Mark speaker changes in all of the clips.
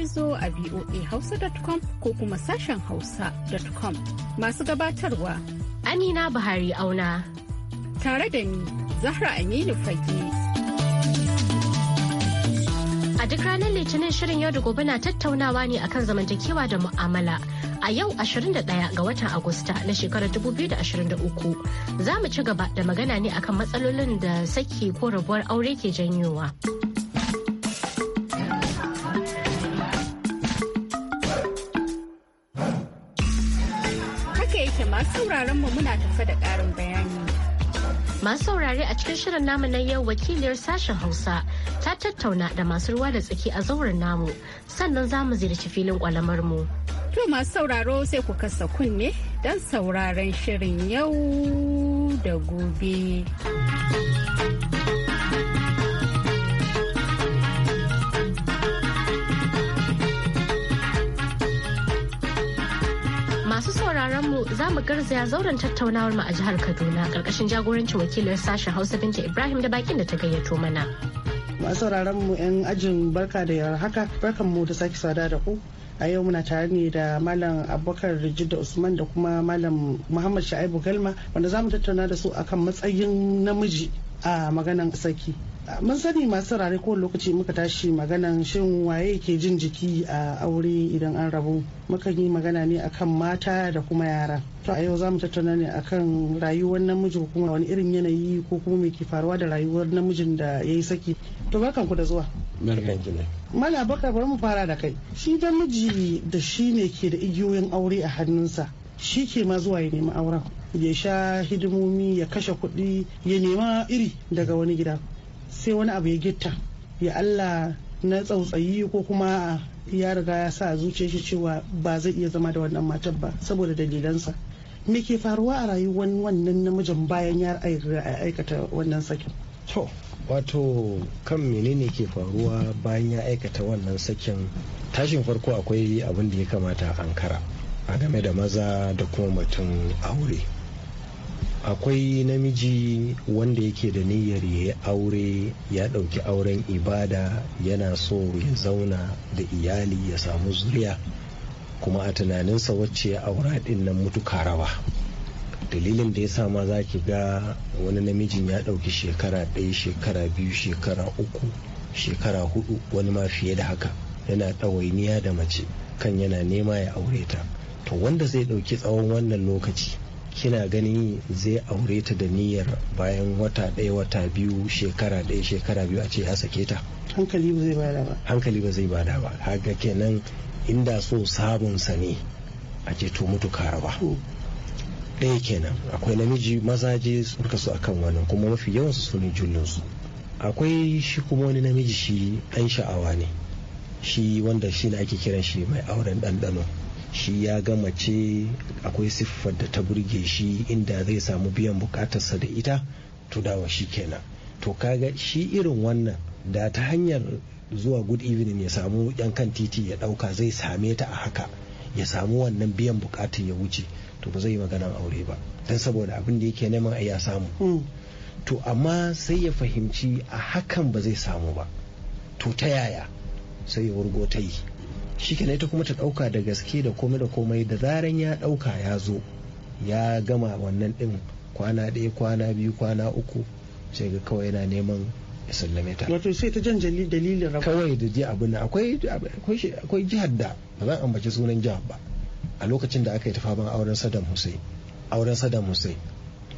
Speaker 1: zo a voahausa.com ko kuma sashen hausa.com.
Speaker 2: Masu gabatarwa Amina Buhari auna. Tare da ni, Zahra Aminu Fage. A duk ranar Litinin shirin yau da gobe na tattaunawa ne akan zamantakewa da mu'amala. A yau 21 ga watan Agusta na shekarar 2023 za mu ci gaba da magana ne akan matsalolin da saki ko rabuwar aure ke janyowa.
Speaker 1: sauraron mu muna tafa da ƙarin bayani. Masu saurare a cikin
Speaker 2: shirin namu na yau wakiliyar sashen Hausa ta tattauna da masu ruwa da tsaki a zauren namu sannan za mu ziyarci filin kwalamar mu. To masu sauraro sai ku kasa kunne
Speaker 1: don sauraron shirin yau da gobe.
Speaker 2: Masu sauraron mu za mu garzaya zauren tattaunawar mu a jihar Kaduna karkashin jagorancin wakilin sashen Hausa Binta Ibrahim da bakin da ta gayyato mana.
Speaker 3: Masu sauraron mu 'yan ajin barka da yar haka barkan mu da sake sada da ku a yau muna tare ne da malam abubakar rijida usman da kuma malam muhammad sha'ibu galma wanda za mu tattauna da su akan matsayin namiji a maganan saki mun sani masu rare kowane lokaci muka tashi maganan shin waye ke jin jiki a aure idan an rabu mukan yi magana ne akan mata da kuma yara to a yau za mu tattauna ne akan rayuwar namiji ko kuma wani irin yanayi ko kuma me ke faruwa da rayuwar namijin da ya yi saki to barkan ku da zuwa mala baka bari mu fara da kai shi da miji da shi ne ke da igiyoyin aure a hannunsa shi ke ma zuwa ya nemi auren ya sha hidimomi ya kashe kuɗi ya nema iri daga wani gida sai wani abu ya gitta ya Allah na tsautsayi ko kuma ya riga ya sa zuciya shi cewa ba zai iya zama da wannan matar ba saboda dalilansa me ke faruwa a rayuwar wannan namijin bayan ya aikata wannan sakin to
Speaker 4: wato kan menene ke faruwa bayan ya aikata wannan sakin tashin farko akwai abin da ya kamata a ankara a game da maza da kuma mutum aure akwai namiji wanda yake da niyyar ya yi aure ya ɗauki auren ibada yana so ya zauna da iyali ya samu zuriya kuma a tunaninsa wacce ya aura ɗin nan mutuka rawa dalilin da ya sa ma za ki ga wani namijin ya ɗauki shekara ɗaya shekara biyu shekara uku shekara hudu wani ma fiye da haka yana ɗawainiya da mace kan yana nema ya aure ta to wanda zai ɗauki tsawon wannan lokaci kina gani zai aure ta da niyyar bayan wata ɗaya wata biyu shekara ɗaya shekara biyu a ce ya sake ta hankali ba zai bada ba hankali ba zai bada ba haka kenan inda so sa ne a ce to mutu kara ba hmm. ɗaya kenan akwai namiji mazaje suka su akan wannan kuma mafi yawan su sun jullun akwai shi kuma wani namiji shi ɗan sha'awa ne shi wanda shi ne ake kiran shi mai auren ɗanɗano shi ya gamace ce akwai siffar da ta burge shi inda zai samu biyan bukatarsa da ita to dawa shi kenan to kaga shi irin wannan da ta hanyar zuwa good evening ya samu yan kan titi ya dauka zai same ta a haka ya samu wannan biyan bukatun ya wuce to ba zai yi maganan aure ba don saboda abin da yake neman a ya samu hmm. to amma sai ya fahimci a hakan ba zai samu ba to ta yaya sai ya wurgo ta yi shi kenan ita kuma ta ɗauka da gaske da komai da komai da zaran ya ɗauka ya zo ya gama wannan din kwana ɗaya kwana biyu kwana uku sai ga kawai yana neman ya sallame ta wato sai ta jan dalilin rabu kawai da ji abin akwai akwai jihar da ba zan ambaci sunan jihar ba a lokacin da aka yi tafaban auren Saddam Hussein auren Saddam Hussein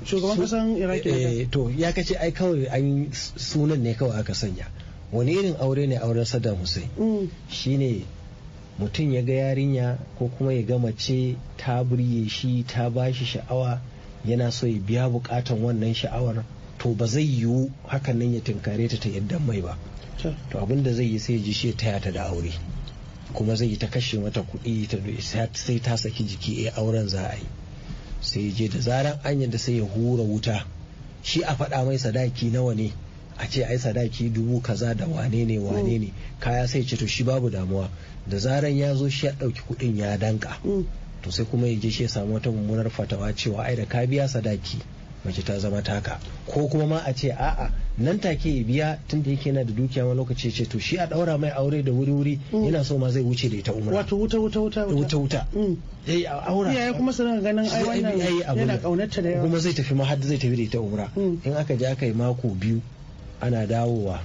Speaker 4: shugaban kasan Iraki eh, to ya kace ai kawai an sunan ne kawai aka sanya wani irin aure ne auren Saddam Hussein mm. shine mutum ya ga yarinya ko kuma ya ga mace ta burye shi ta bashi sha'awa yana so ya biya bukatan wannan sha'awar to ba zai yiwu hakan nan ya tinkare ta ta yadda mai ba to abin da zai yi sai ji shi taya ta da aure kuma zai yi ta kashe mata kuɗi sai ta saki jiki a eh, auren za a yi sai je da zaran anya da sai ya hura wuta shi a faɗa mai sadaki nawa ne a ce ai sadaki dubu kaza da wane ne wane ne kaya sai ce to shi babu damuwa da zaran ya zo shi ya ɗauki kuɗin ya danka to sai kuma ya je shi ya samu wata mummunar fatawa cewa ai da ka biya sadaki mace ta zama taka ko kuma ma a ce a'a nan take ya biya tun da yake yana da dukiya wani lokaci ce to shi a daura mai aure da wuri wuri yana so ma zai wuce da ita umra wato wuta wuta wuta wuta wuta yayi mm. eh, aura iyaye
Speaker 3: kuma su ganin ai wannan yana kaunarta da yawa kuma
Speaker 4: zai tafi ma har zai tafi da ita umra mm. in aka je aka yi mako biyu ana dawowa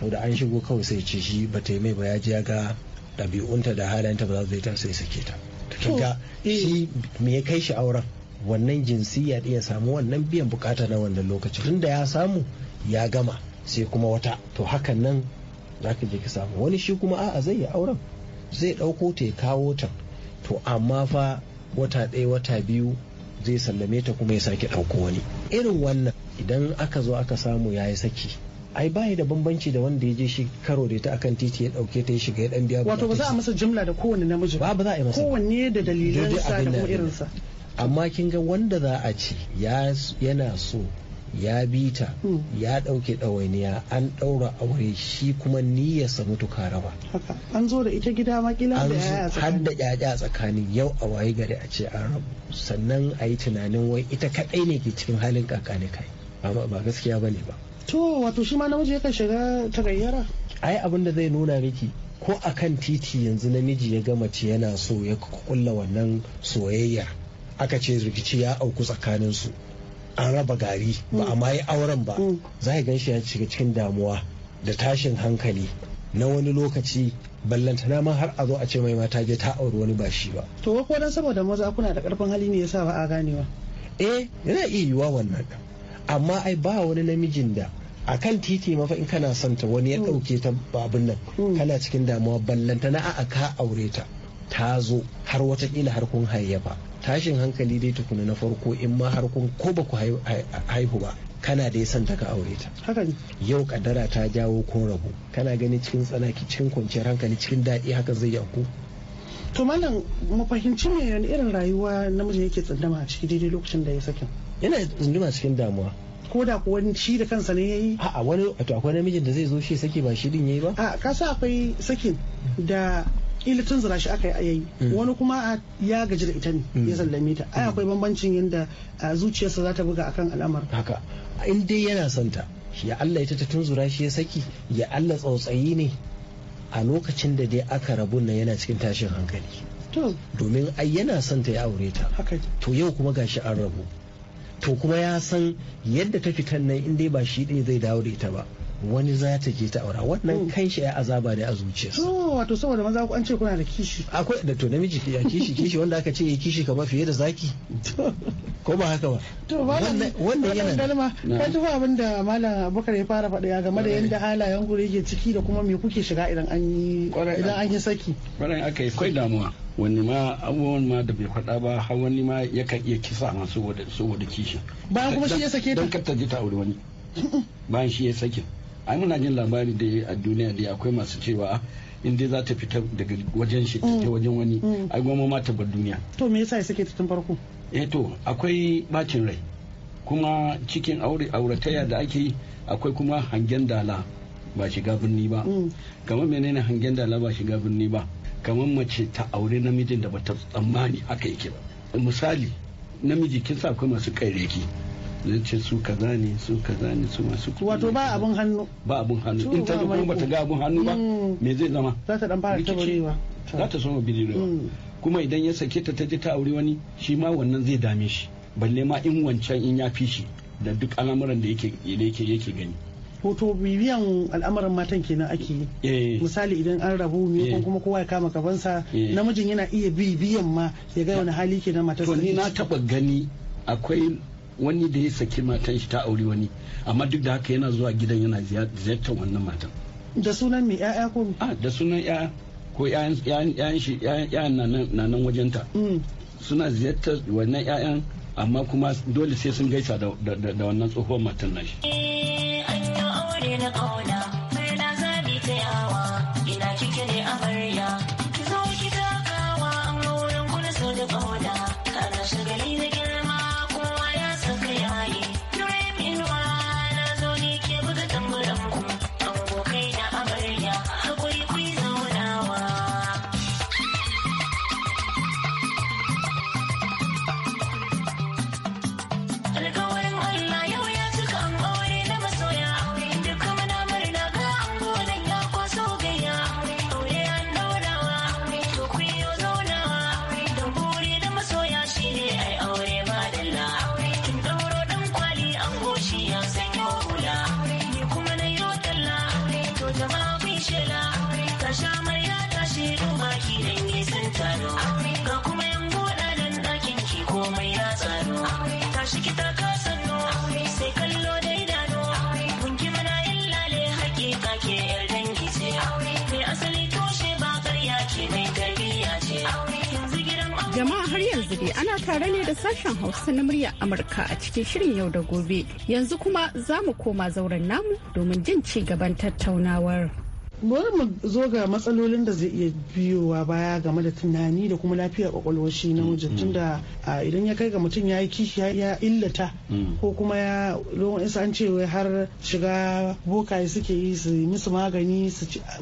Speaker 4: to da an shigo kawai sai ce shi ba ta yi mai ba ya ji ya ga ɗabi'unta da halayenta ba za su zai ta sai sake ta to kinga shi eh. me ya kai shi auren wannan jinsi ya samu wannan biyan bukata na wannan lokacin tun da ya samu ya gama sai kuma wata to hakan nan za ka je ka samu wani shi kuma a'a zai yi auren zai ɗauko ta ya kawo ta to amma fa wata ɗaya wata biyu zai sallame ta kuma ya sake ɗauko wani irin wannan idan aka zo aka samu ya yi saki ai bayi da bambanci da wanda ya je shi karo da ta akan titi ya dauke ta ya shiga ya dan biya wato
Speaker 3: ba za a masa jumla da kowanne namiji ba ba za a yi masa kowanne da sa da kuma irinsa
Speaker 4: amma kin ga wanda za a ci yana so ya bi ta hmm. ya dauke dawainiya an daura aure shi kuma sa mutu raba.
Speaker 3: an zo da ita gida kila da yaya tsakani har
Speaker 4: da yaya tsakani yau a waye gari a ce an rabu sannan a yi tunanin wai ita kadai ne ke cikin halin kakani kai ba gaskiya bane ba
Speaker 3: to wato shi ma namiji yakan shiga ta gayyara.
Speaker 4: ai abin da zai nuna miki ko a kan titi yanzu namiji ya gama ce yana so ya kulla wannan soyayyar. aka ce rikici ya auku tsakanin su an raba gari ba a ma yi auren ba mm. za gan shi ya shiga cikin damuwa da tashin hankali na wani lokaci ballanta ma har a zo a ce mai mata je ta auri wani ba shi ba
Speaker 3: to ko dan saboda maza kuna da karfin hali ne yasa ba a ganewa eh yana iya yiwuwa wannan amma ai ba wani namijin
Speaker 4: da a kan titi mafa in kana son wani ya dauke hmm. ta babin nan hmm. kana cikin damuwa ballanta na a ka aure ta ta zo har kila har kun ba tashin hankali dai tukuna na farko in ma har kun ko ba ku haihu ba kana da ya santa ka aure ta yau kadara ta jawo ko rabu kana gani cikin tsanaki cikin kwanciyar hankali cikin
Speaker 3: daɗi haka zai yanku to malam mu fahimci me irin rayuwa namiji yake tsandama a ciki daidai lokacin da ya sakin yana tsunduma cikin damuwa ko da ko shi da kansa ne yayi a a wani to akwai namijin da zai zo shi saki ba shi din yayi ba a ka sa akwai sakin da ilitin tun zira shi aka yayi mm. wani kuma ya gaji da ita ne ya mm. sallame ta ai akwai mm. bambancin yadda zuciyarsa za ta buga akan al'amar haka in dai yana santa ta
Speaker 4: ya Allah ita ta tunzura shi ya saki ya Allah tsautsayi ne a lokacin da dai aka rabu nan yana cikin tashin hankali domin ai yana son ya aure ta to yau kuma gashi an rabu to kuma ya san yadda ta fitan nan in dai ba shi ne zai dawo da ita ba wani za ta je ta aura wannan hmm. kan shi ya azaba da a zuciyarsa
Speaker 3: wato saboda maza ku an ce kuna da kishi
Speaker 4: akwai da to namiji ya kishi kishi wanda aka ce ya kishi kamar fiye da zaki ko
Speaker 3: ba haka ba to wannan yana dalma kai ji abinda da malam abubakar ya fara faɗa game da yadda halayen gure yake ciki da kuma me kuke shiga idan an yi idan an
Speaker 5: yi saki kwarai aka yi kai damuwa wani ma abubuwan ma da bai faɗa ba har wani ma yakan iya kisa ma saboda kishin ba kuma shi ya sake ta dan ka ta ji ta aure wani bayan shi ya sake ai muna jin labari da a duniya da akwai masu cewa in dai za ta fita daga wajen shi ta mm. wajen wani mm. ai goma ma ta bar duniya to me yasa suke tun farko eh to akwai bacin rai kuma cikin aure aurataya da ake akwai kuma hangen dala ba shiga birni ba mm. kamar menene hangen dala ba shiga birni ba kamar mace ta aure namijin da bata tsammani haka yake ba misali namiji kin sa akwai masu kaireki zai ce su kaza ne su kaza ne su masu kuma wato ba abun hannu ba abun hannu in ta zama ba ta ga abun hannu ba mm. me zai zama za ta dan fara tabarewa za ta soma bidiyo mm. kuma idan ya sake ta taje ta aure wani shi ma wannan zai dame shi balle ma in wancan in ya fi shi da duk al'amuran da yake yake gani
Speaker 3: hoto bibiyan al'amuran matan kenan ake yi eh. misali idan an rabu ne eh. ko kuma kowa ya kama gabansa eh. namijin yana iya bibiyan ma ya ga wani hali kenan matarsa to ni na
Speaker 5: taba gani akwai wani da ya saki matan shi ta aure wani amma duk da haka yana zuwa gidan yana ziyartar wannan matan da sunan mai ya'ya ko a ah, da sunan ya'ya ko ya'yan shi ya'yan na nan wajenta mm. suna ziyartar wannan ya'yan amma kuma dole sai sun gaisa da wannan tsohuwar matan nashi
Speaker 6: eh, na shi. ina
Speaker 1: tare ne da sashen Hausa na murya Amurka a cikin shirin yau da gobe. Yanzu kuma za mu koma zauren
Speaker 3: namu domin jin ci gaban tattaunawar. bari mu zo ga matsalolin da zai iya biyowa baya game da tunani da kuma lafiyar kwakwalwa shi na mijin mm-hmm. idan ya kai ga mutum ya yi kishi ya illata mm. ko kuma ya lokacin isa an ce har shiga bokaye suke yi su musu magani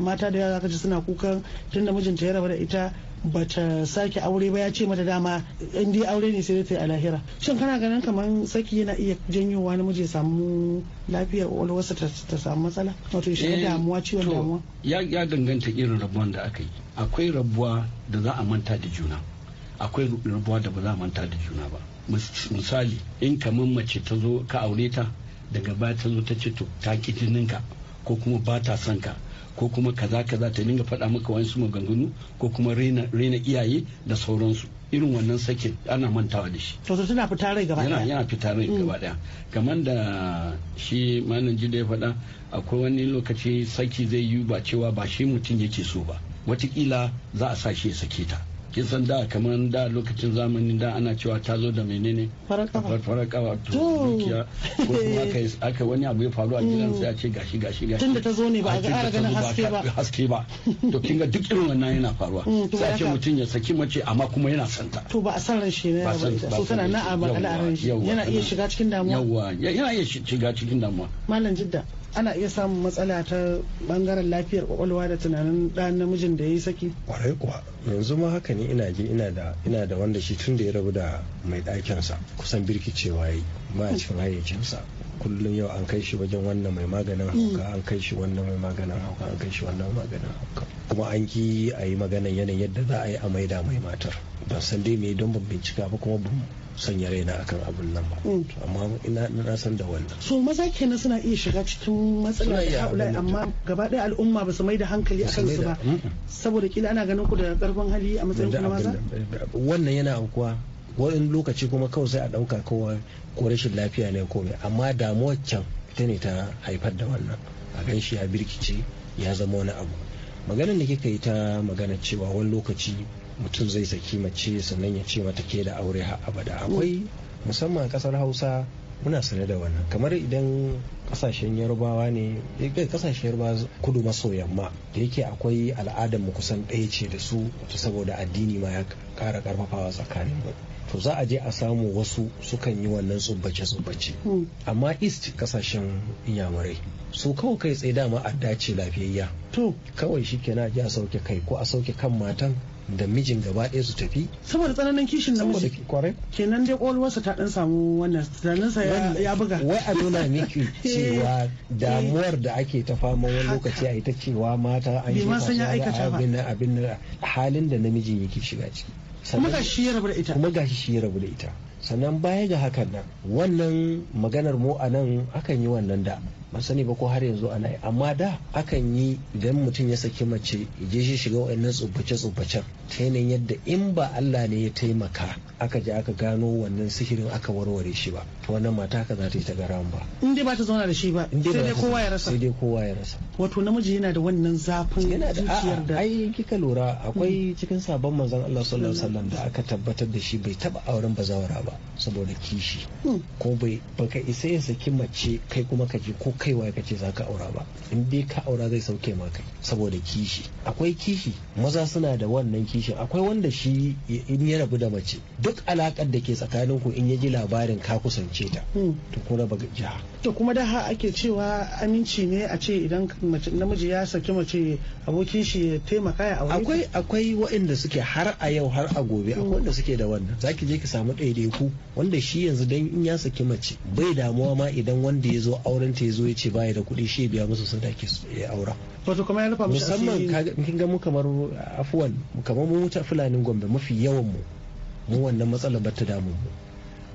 Speaker 3: mata da yara ji suna kukan tunda mijinta ya raba da ita bata sake aure ba ya ce mata dama in dai aure ne sai ta yi a lahira shin kana ganin kamar saki yana iya janyowa namiji ya samu lafiyar walwarsa ta samu matsala wato shi eh, damuwa ciwon damuwa
Speaker 5: ya danganta irin rabuwan da aka yi akwai rabuwa da za a manta da juna akwai rabuwa da ba za a manta da juna ba misali in kamar mace ta zo ka aure ta daga baya ta zo ta ce to ta ki jininka ko kuma ba ta son ka ko kuma kaza kaza ta dinga faɗa maka wasu maganganu ko kuma rena iyaye da sauransu irin wannan sake ana mantawa da shi to suna fita rai gaba daya. yana fita rai mm. gaba daya kamar da shi malam jide ya faɗa akwai wani lokaci saki zai yi ba cewa ba shi mutum yake so ba watakila za a sa shi ya sake ta kin san da kamar da lokacin zamani da ana cewa ta zo da menene farakawa to dukiya ko kuma aka wani abu ya faru a mm. gidan sai a ce gashi gashi gashi tunda ta zo ne ba a ga ganin haske ba haske ba to kin ga duk irin wannan yana faruwa mm, sai a ce mutum ya saki mace amma kuma yana santa
Speaker 3: to ba a san ran shi ne ba so tana na a ba al'aran shi yana iya shiga cikin damuwa yawa
Speaker 5: yana iya shiga cikin damuwa
Speaker 3: mallan jidda ana iya samun matsala ta bangaren lafiyar kwakwalwa da tunanin ɗan namijin da ya yi saki
Speaker 4: kwarai kuwa yanzu ma haka ne ina ji ina da wanda shi tun da ya rabu da mai ɗakinsa kusan birkicewa yayi yi ba a cikin hayyacinsa kullum yau an kai shi wajen wannan mai maganin hauka an kai shi wannan mai maganin hauka an kai shi wannan maganin hauka kuma an ki a yi maganin yanayin yadda za a yi a maida mai matar ban san dai me don ban bincika ba kuma sanya na akan abin nan ba mm. amma ina na san da wannan
Speaker 3: so maza kenan suna iya shiga cikin matsalar haula amma gaba ɗaya al'umma ba su mai da hankali a kansu ba saboda kila ana ganin ku da karfin hali a matsayin kuma maza
Speaker 4: wannan yana aukuwa wani lokaci kuma kawai sai a ɗauka kawai ko rashin lafiya ne ko amma damuwar can ita ne ta haifar da wannan a gan shi ya birkice ya zama wani abu maganar da kika yi ta magana cewa wani lokaci mutum zai saki mace sannan ya ce mata ke da aure har abada akwai musamman kasar hausa muna sane da wannan kamar idan kasashen yarubawa ne kasashen eh, eh, yarubawa kudu maso yamma da yake akwai al'adar mu kusan ɗaya ce da su saboda addini ma ya kara karfafawa tsakanin mu to za a je a samu wasu sukan yi wannan tsubbace-tsubbace hmm. amma east kasashen inyamurai su kawai kai tsaye dama a dace lafiyayya to kawai shi kenan a sauke kai ko a sauke kan matan da mijin gaba ɗaya su tafi
Speaker 3: saboda tsananin kishin na miji kwarai kenan dai kwalwarsa ta dan samu wannan
Speaker 4: tunaninsa ya buga wai a nuna miki cewa damuwar da ake ta fama wani lokaci a ita cewa mata an yi abin abin halin da namijin yake shiga ciki kuma ga shi ya rabu da ita kuma ga shi ya rabu da ita sannan baya ga hakan nan wannan maganar mu a nan akan yi wannan da ban sani ba ko har yanzu ana yi amma da akan yi idan mutum ya saki mace je shi shiga wa'annan tsubbace tsubbace ta yanayin yadda in ba Allah ne ya taimaka aka je aka gano wannan sihirin aka warware shi ba to wannan mata ka za ta yi ta ga ba
Speaker 3: in dai ba ta zauna da shi ba sai dai kowa ya rasa sai dai kowa ya rasa wato namiji yana da wannan zafin zuciyar da
Speaker 4: ai kika lura akwai mm. cikin sabon manzon Allah sallallahu alaihi wasallam da mm. aka tabbatar da shi bai taba auren bazawara ba saboda kishi mm. ko bai baka isa ya saki mace kai kuma ka je ko kaiwa ka ce za ka aura ba in dai ka aura zai sauke ma kai saboda kishi akwai kishi maza suna da wannan kishin akwai wanda shi in ya rabu da mace duk alakar da ke tsakanin ku in ya ji labarin ka kusance ta hmm. to ko raba jiha
Speaker 3: to kuma da ha ake cewa aminci ne a ce idan namiji ya saki mace abokin shi ya taimaka ya aure
Speaker 4: akwai akwai waɗanda suke har a yau har a gobe akwai
Speaker 3: hmm. wanda suke da wannan zaki je ki samu ɗaiɗaiku
Speaker 4: wanda shi yanzu dan in ya saki mace bai damuwa ma idan wanda ya zo auren ta ya zo ya ce baya da kuɗi shi biya musu sadaki su ya aura wato kuma ya rufa musamman kin ga mu kamar afuwan kamar mu wuce fulanin gombe mafi yawan mu mu wannan matsalar ba ta damu mu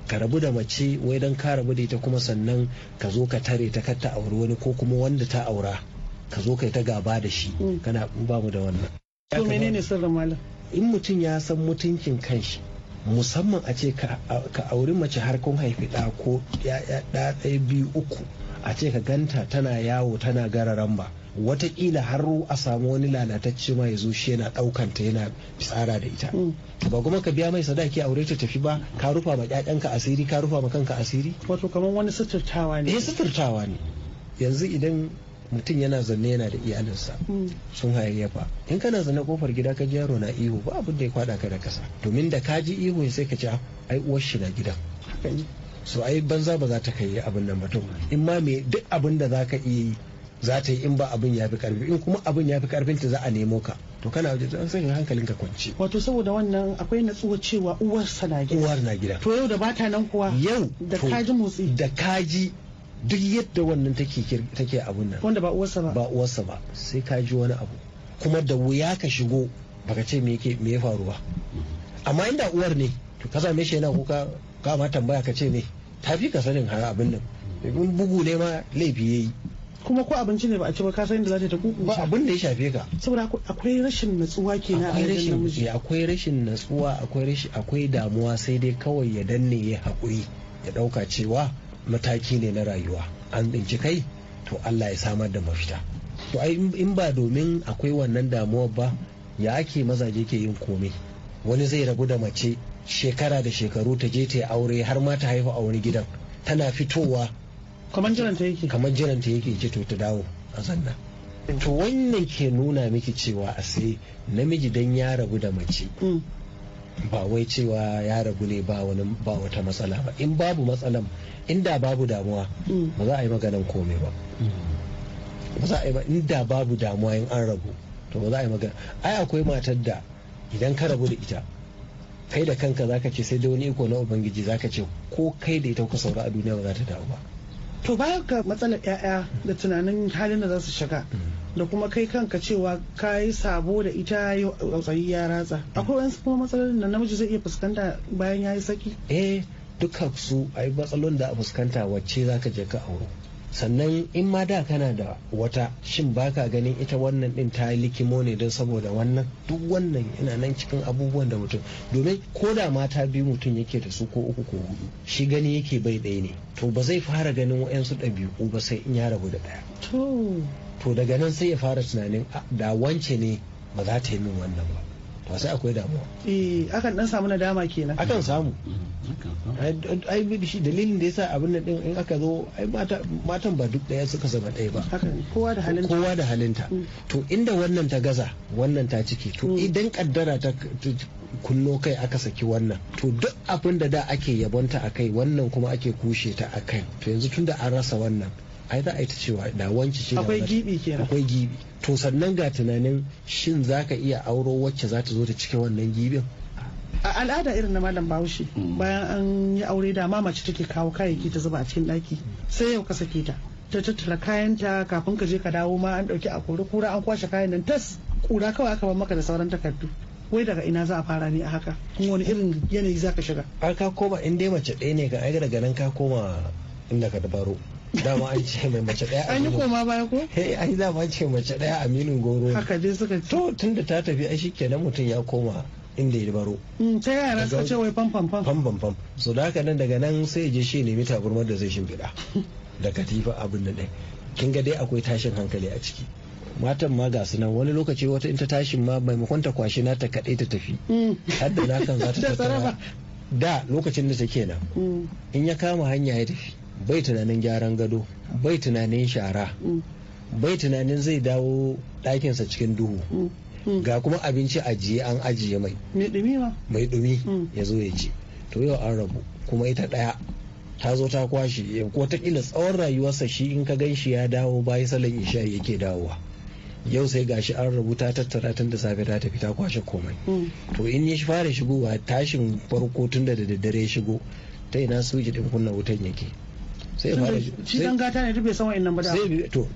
Speaker 4: ka rabu da mace wai dan ka rabu da ita kuma sannan ka zo ka tare ta kar ta auri wani ko kuma wanda ta aura ka zo ka yi ta gaba da shi mm. kana ba mu da wannan to menene sirrin malam in mutum ya san mutuncin kanshi musamman a ce ka auri mace har kun haifi ɗa ko ɗaya biyu uku a ce ka ganta tana yawo tana gararan ba watakila har a samu wani lalatacce ma ya zo shi yana ɗaukanta yana tsara da ita mm. ba kuma ka biya mai sadaki aure ta tafi ba ka rufa ma ƴaƴanka asiri ka rufa ma kanka asiri wato kamar wani suturtawa ne eh suturtawa ne yanzu idan mutum yana zanne yana da iyalinsa mm. sun hayayyafa in kana zanne kofar gida ka ji yaro na ihu ba abin da ya kwada ka da kasa domin da ka ji ihu sai ka ce ah, ai uwar shi na gidan so ai banza ba za ta kai abin nan mutum in ma me duk abin da za ka iya yi za ta yi in ba abin ya fi karfi in kuma abin ya fi karfin ta za a nemo ka to kana waje
Speaker 3: an sanya hankalin ka kwance wato saboda wannan akwai natsuwa cewa uwar sa na gida uwar na gida to yau da bata nan kuwa yau da kaji motsi da kaji duk yadda wannan take
Speaker 4: take abun nan wanda ba uwarsa ba ba uwarsa ba sai kaji wani abu kuma da wuya ka shigo baka ce me yake me ya faru ba mm-hmm. amma inda uwar ne to ka same shi yana kuka ka ma tambaya ka ce me ta fi ka sanin har abin nan domin bugu ne ma laifi ya yi
Speaker 3: kuma ko abinci ne ba a ci ba ka san da za ta kuku ba abin da ya shafe ka saboda akwai rashin natsuwa kenan a rashin namiji
Speaker 4: akwai rashin natsuwa akwai rashin akwai damuwa sai dai kawai ya danne ya haƙuri ya ɗauka cewa mataki ne na rayuwa an tsinci kai to Allah ya samar da mafita to ai in ba domin akwai wannan damuwar ba ya ake mazaje ke yin komai wani zai rabu da mace shekara da shekaru ta je ta aure har ma ta haihu a wani gidan tana fitowa kamar jiranta yake kamar jiranta yake ce to ta dawo a zanna to wannan ke nuna miki cewa a sai namiji dan ya rabu da mace mm. ba wai cewa ya rabu ne ba wani ba wata matsala ba in babu matsalan inda babu damuwa mm. ba za a yi maganan komai ba ba za a yi inda babu damuwa in an rabu to ba za a yi magana ai akwai matar da idan ka rabu da ita kai da kanka zaka ce sai da wani iko na ubangiji zaka ce ko kai da ita ku saura a duniya ba za ta dawo ba
Speaker 3: to ba ka matsalar 'ya'ya da tunanin halin da za su shiga mm. da kuma kai kanka cewa ka yi sabo da ita tsayi ya ratsa mm. akwai wani kuma matsalolin da namiji zai iya fuskanta bayan ya yi saki eh
Speaker 4: duka su a matsalolin da a fuskanta wacce zaka je ka auro sannan in ma da kana da wata shin baka ganin ita wannan din ta likimo ne don saboda wannan duk wannan yana nan cikin abubuwan da mutum domin ko da mata biyu mutum yake da su ko uku ko hudu shi gani yake bai ɗaya ne to ba zai fara ganin wa'yansu ɗabi'u ba sai in ya rabu da ɗaya
Speaker 3: to
Speaker 4: daga nan sai ya fara tunanin da wance ne ba za ta yi min wannan ba sai akwai damuwa
Speaker 3: eh akan dan samu nadama kenan akan
Speaker 4: samu ai shi dalilin da yasa abin nan din in aka zo ai matan ba duk daya suka zama daya ba kowa da halinta kowa da halinta mm. to inda wannan ta gaza wannan ta ciki to mm. idan kaddara ta kullo kai aka saki wannan to duk abin da da ake yabonta akai wannan kuma ake kushe ta akai to yanzu tunda an rasa wannan ai za a yi ta cewa da wanci shi akwai gibi kenan akwai gibi to sannan ga tunanin shin za ka iya auro
Speaker 3: wacce za ta zo ta cike wannan gibin a al'ada irin na malam bahaushe hmm. bayan an yi aure da mace take kawo kayayyaki ta zuba a cikin ɗaki sai yau ka sake ta ta tattara kayanta kafin ka je ka dawo ma an ɗauki a kori kura an kwashe kayan nan tas kura kawai aka bar maka da sauran takardu wai daga ina za a fara ne a haka kun wani irin yanayi za ka shiga an ka koma in dai
Speaker 4: mace ɗaya ne ga ai daga nan ka koma inda ka dabaro dama an ce mai mace daya an yi koma baya ko eh ai dama ce mace daya aminin goro haka dai suka ce to tunda ta tafi ai shikenan mutum ya koma inda ya baro mm, ta yara suka ce wai fam fam fam fam fam so da haka nan daga nan sai je shi mita gurmar da zai shimfiɗa da katifa abin da dai. kin ga dai akwai tashin hankali a ciki matan ma ga nan wani lokaci wata in ta tashin ma maimakon ta kwashi na ta kaɗai ta tafi mm. har da kan za ta tattara da lokacin da ke nan mm. in ya kama hanya ya tafi bai tunanin gyaran gado bai tunanin shara bai tunanin zai dawo ɗakinsa cikin duhu ga kuma abinci ajiye an ajiye mai mai dumi hmm. ya zo ya ci to yau an rabu kuma ita ɗaya ta zo ta kwashe watakila tsawon rayuwarsa shi in ka gan shi ya dawo bayan salon isha yake dawowa yau sai gashi an rabu ta tattara tun da safe ta tafi ta kwashe komai hmm. to in ya fara shigowa tashin farko tun da daddare shigo ta ina suji din kunna wutan yake sai fara shi dan gata
Speaker 3: ne duk bai san wa'annan ba da sai
Speaker 4: to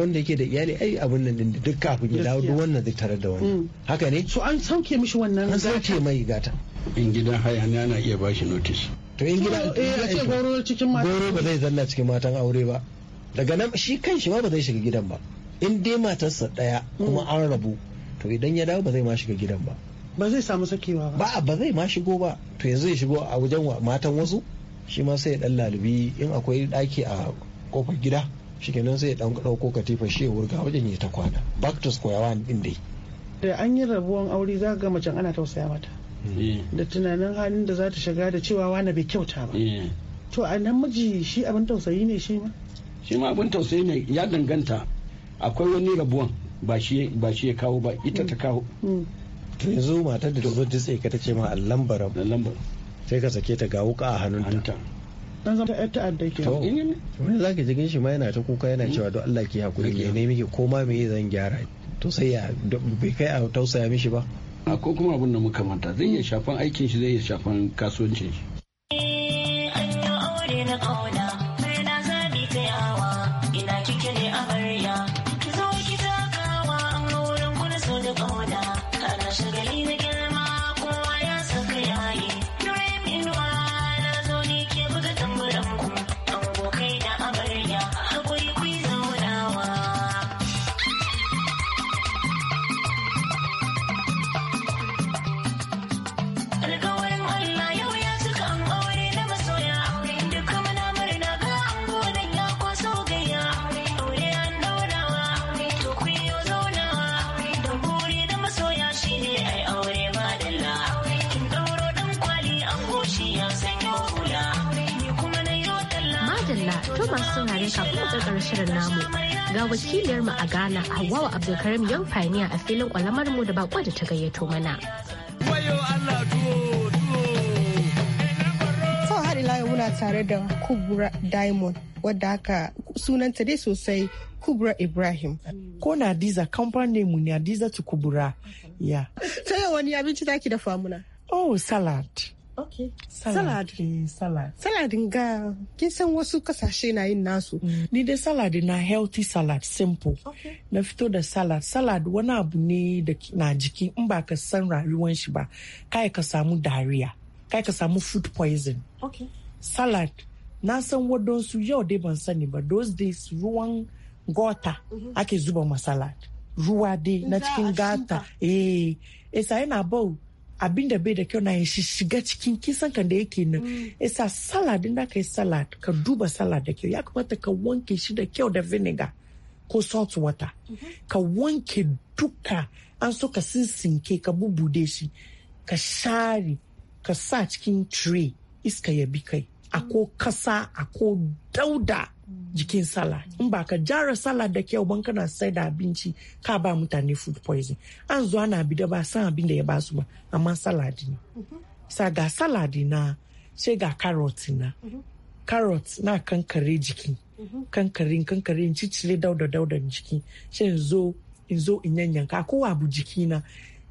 Speaker 4: wanda yake da iyali ai abun nan din duk kafin ya dawo duk wannan zai tarar da wani mm. haka ne so an sauke mishi wannan an sauke mai gata
Speaker 5: in gidan haya ne ana iya bashi notice to in gidan eh a ce goro
Speaker 4: cikin mata goro ba zai zanna cikin matan aure ba daga nan shi kan shi ma ba zai shiga gidan ba in dai matarsa daya kuma an rabu to idan ya dawo ba zai ma shiga gidan ba ba zai samu sakewa ba ba zai ma shigo ba to yanzu ya shigo a wajen matan wasu shi ma sai ya dan lalubi in akwai daki a kofar gida kenan
Speaker 3: sai ya dan dauko katifa shi ya wurga wajen ya ta kwana back to square one din dai da an yi rabuwan aure za ga macen ana tausaya mata eh. da tunanin halin da za ta shiga da cewa wani bai
Speaker 5: kyauta ba eh. to a nan miji shi abin tausayi ne shi ma shi ma abin tausayi ne ya danganta akwai wani rabuwan ba shi ya kawo ba ita ta kawo mm. Mm. to yanzu matar da ta zo ta tsaye ka ta ce ma allambaram sai ka sake ta ga wuka
Speaker 4: a hannunta
Speaker 3: dan zama ta ta'adda ke
Speaker 4: wani za jigin shi ma yana ta kuka yana cewa
Speaker 5: don Allah ke hakuri ne ne miki ko ma me zan gyara to sai ya bai kai a tausaya mishi ba a ko kuma abin da muka manta zai iya shafan aikin shi zai iya shafan kasuwancin shi
Speaker 2: kafin mu shirin namu ga wakiliyar mu a Ghana wa Abdulkarim yan faniya a filin kwalamar mu da bakwai da ta gayyato mana. Ila muna tare da Kubra Diamond wadda aka sunanta dai sosai
Speaker 7: Kubra Ibrahim. Ko na Diza kamfanin mu ne Diza ta kubura. Ya. Sai wani abinci taki da famuna. Oh salad. Okay. Salad. Eh, salad. Salad nga kin san wasu kasashe na yin nasu. Mm. Ni dai salad na healthy salad simple. Okay. Na fito da salad. Salad wani abu ne da na jiki in ba ka san rayuwan shi ba. Kai ka samu diarrhea. Kai ka samu food poison. Okay. Salad na san wadansu yau dai ban sani ba those days ruwan gota mhm. ake zuba ma salad. Ruwa dai na cikin gata. Eh, esa eh, yana bau abin da bai da kyau na shi shiga cikin kisan kan da yake nan isa mm. salad inda ka yi salad ka duba salad da kyau ya kamata ka wanke shi da kyau da vinegar ko salt water mm-hmm. ka wanke duka an so ka sinsinke ka bubude shi ka share ka sa cikin tray iska ya bi kai ako kasa ako dauda jikin sala in ba ka jara sala da kyau ban kana sai da abinci ka ba mutane food poison an zuwa na bi da ba san abin da ya ba su ba amma salad ne sa ga salad na sai ga carrot na carrot na kankare jiki kankarin kankarin cicile dauda dauda jiki sai in zo in zo in yanyanka ko abu jiki na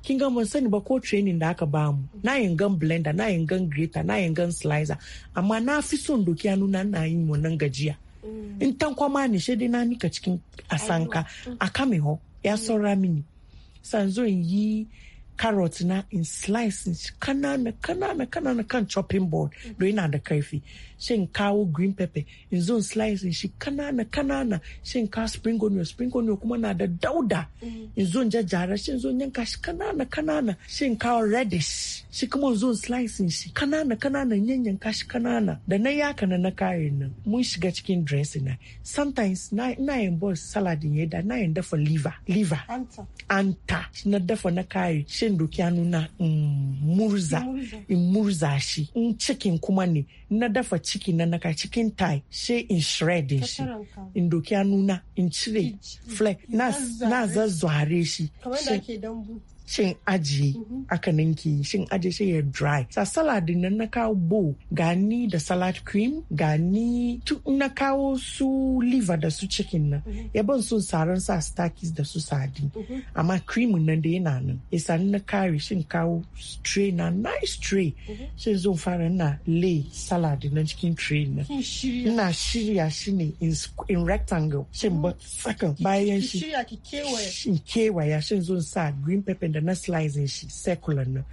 Speaker 7: kin ga mun sani ba ko training da aka ba mu na yin gan blender na yin gan grater na yin gan slicer amma na fi son doki hannu na na yin nan gajiya Mm. in tankwama ne shi dai na nika cikin asanka mm. a kame hɔ ya saura mini sanzo in yi carrot na in slices kanana kanana kanana kan chopping board Do ina da karfi shin kawo green pepper in zone in slice shi kanana kanana sai in kawo spring onion spring onion kuma na da dauda in zone jajara jajjara sai in zo in yanka shi kanana kanana sai kawo radish shi kuma in zo in slice shi kanana kanana in ka shi kanana da na yaka na na kayan nan mun shiga cikin dressing na sometimes na yin boss salad ya da na yin dafa liver liver anta anta na dafa na kayan shi shin doki in murza in murza shi in cikin kuma ne na dafa ciki na naka cikin tai she in shred shi in doki in cire flake na zazzware shi shin aji mhm. aka ninki shin aji shi ya dry sa salad na na kawo bo gani da salad cream gani na kawo su liver da su chicken na. Mhm. ya ban sun saran sa stakis da su sadi mhm. amma cream nan da yana nan isa na kari shin kawo tray na nice tray shin zo fara na lay salad na cikin tray na ina shirya shi ne in rectangle shin ba oh. sakan bayan shi in kewaya shin zo sa green pepper da na slice shi circular nan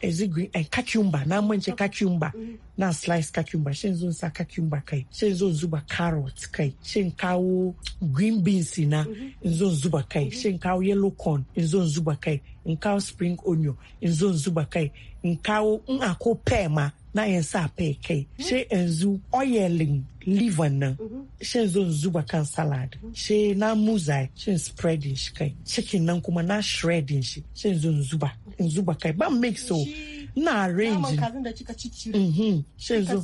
Speaker 7: ezigui ai cucumber na mance cucumber mm. na slice cucumber shin zo sa cucumber kai shi zo zuba carrot kai shi kawo green beans na mm-hmm. zo zuba kai mm-hmm. shi kawo yellow corn zo zuba kai in kawo spring onion in zo zuba kai in kawo in ako pear ma na ya sa fai kai she nzu oilin liver nan she zo zuba kan salad she na muza she spreading shi kai chicken nan kuma na shredding shi she zo zuba in zuba kai ba mix so na arrange mhm she zo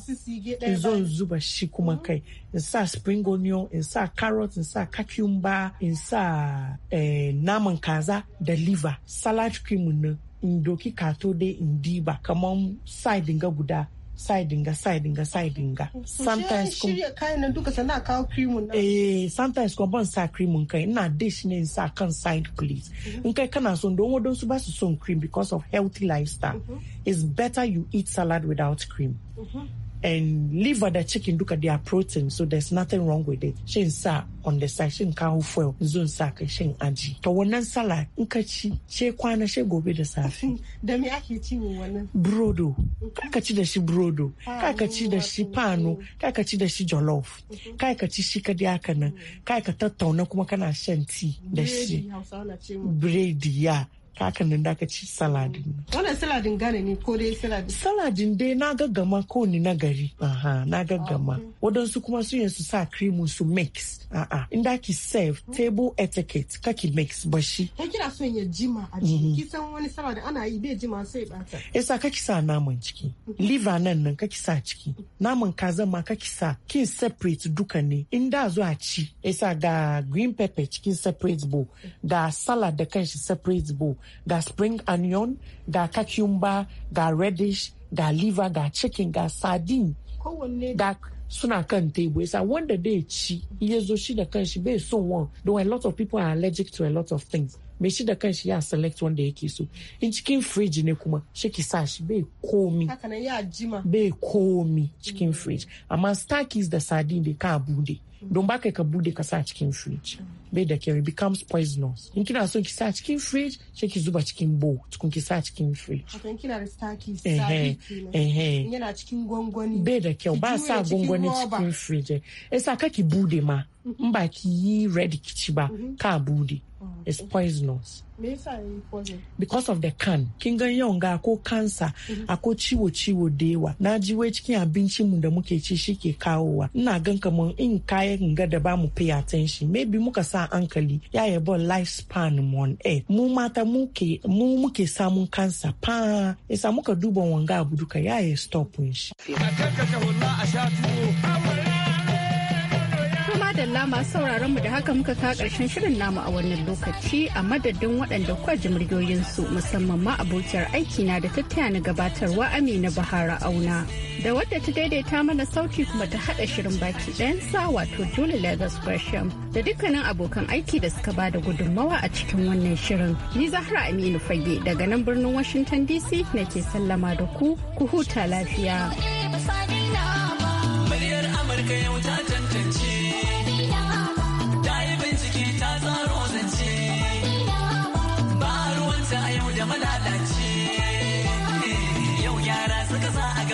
Speaker 7: in zo zuba shi kuma mhm. kai in sa spring onion in sa carrot in sa cucumber in sa eh, naman kaza da liver salad cream nan in ka to dai in diba kamar side ga guda siding ga siding ga siding ga mm-hmm. sometimes kun shirya kayan nan duka sana kawo cream na. eh sometimes kun ban sa cream kai ina dish ne sa kan side please mm-hmm. in kai kana son don wadon su ba su son cream because of healthy lifestyle mm it's better you eat salad without cream mm -hmm. and liver da chicken duka they are protein so there's nothing wrong with it shin sa on the side shin kawo fuel zun sa ka shin aji to wannan sala in ka ci she kwana she gobe da safe da me ake ci wannan brodo ka ci da shi brodo ah, ka ka ci da shi pano ka ka ci da shi jollof mm-hmm. ka ka ci shi ka haka nan ka ka tattauna kuma kana shan tea da shi bread ya kakan nan da ka ci saladin. Wannan saladin gane ne ko dai saladin? Saladin dai na gaggama ko ni na gari. Aha, na gaggama. Wadansu kuma su yin su sa cream su mix. A'a, in da ki serve table etiquette ka ki mix ba shi.
Speaker 2: Ka kira son ya jima a ciki. Mhm. Ki san wani saladin ana yi bai jima sai bata.
Speaker 7: Yasa ka ki sa naman ciki. Mhm. Liver nan nan ka ki sa ciki. Naman kaza ma ka sa. Kin separate duka ne. In da zo a ci. Yasa ga green pepper cikin separate bowl. Ga salad da kanshi separate bowl. ga spring onion ga cucumber ga reddish ga liver ga chicken ga sardine da suna kan table isa wanda dai ci iya zo shi da kanshi bai so won don a lot of people are allergic to a lot of things mai shi da kanshi ya select wanda yake so in cikin fridge ne kuma shi ki sa shi bai komi bai komi cikin mm. fridge amma is da sardine dey ka bude don ba kai ka bude ka sa cikin fridge bai da kyau becomes poisonous in kina son ki sa cikin fridge sai ki zuba cikin bowl tukun ki sa cikin fridge haka in kina da staki eh eh, eh eh yana cikin gwangwani bai da kyau ba sa gwangwani cikin fridge eh e sa ka ki bude ma in mm-hmm. ba ki yi ready ki ci ba mm-hmm. ka bude oh, is poisonous e because of the can kin gan yau ga ko cancer mm-hmm. ko ciwo ciwo da yawa na ji wai cikin abincin mu da muke ci shi ke kawowa ina gan kaman in kayan ga da ba mu pay attention maybe muka sa hankali ya yi bon life span mon e mu mata muke mu muke samun kansa pa isa muka duba wanga abu duka ya yi stop shi.
Speaker 1: da lama sauraron mu da haka muka ka karshen shirin namu a wannan lokaci a madadin waɗanda kwa ji muryoyinsu musamman ma abokiyar na da tattaya na gabatarwa amina bahara auna da wadda ta daidaita mana sauti kuma ta haɗa shirin baki ɗayansa wato julie leathers gresham da dukkanin abokan aiki da suka bada gudunmawa a cikin wannan shirin ni zahra aminu fage daga nan birnin washington dc nake sallama da ku ku huta lafiya.
Speaker 6: Amurka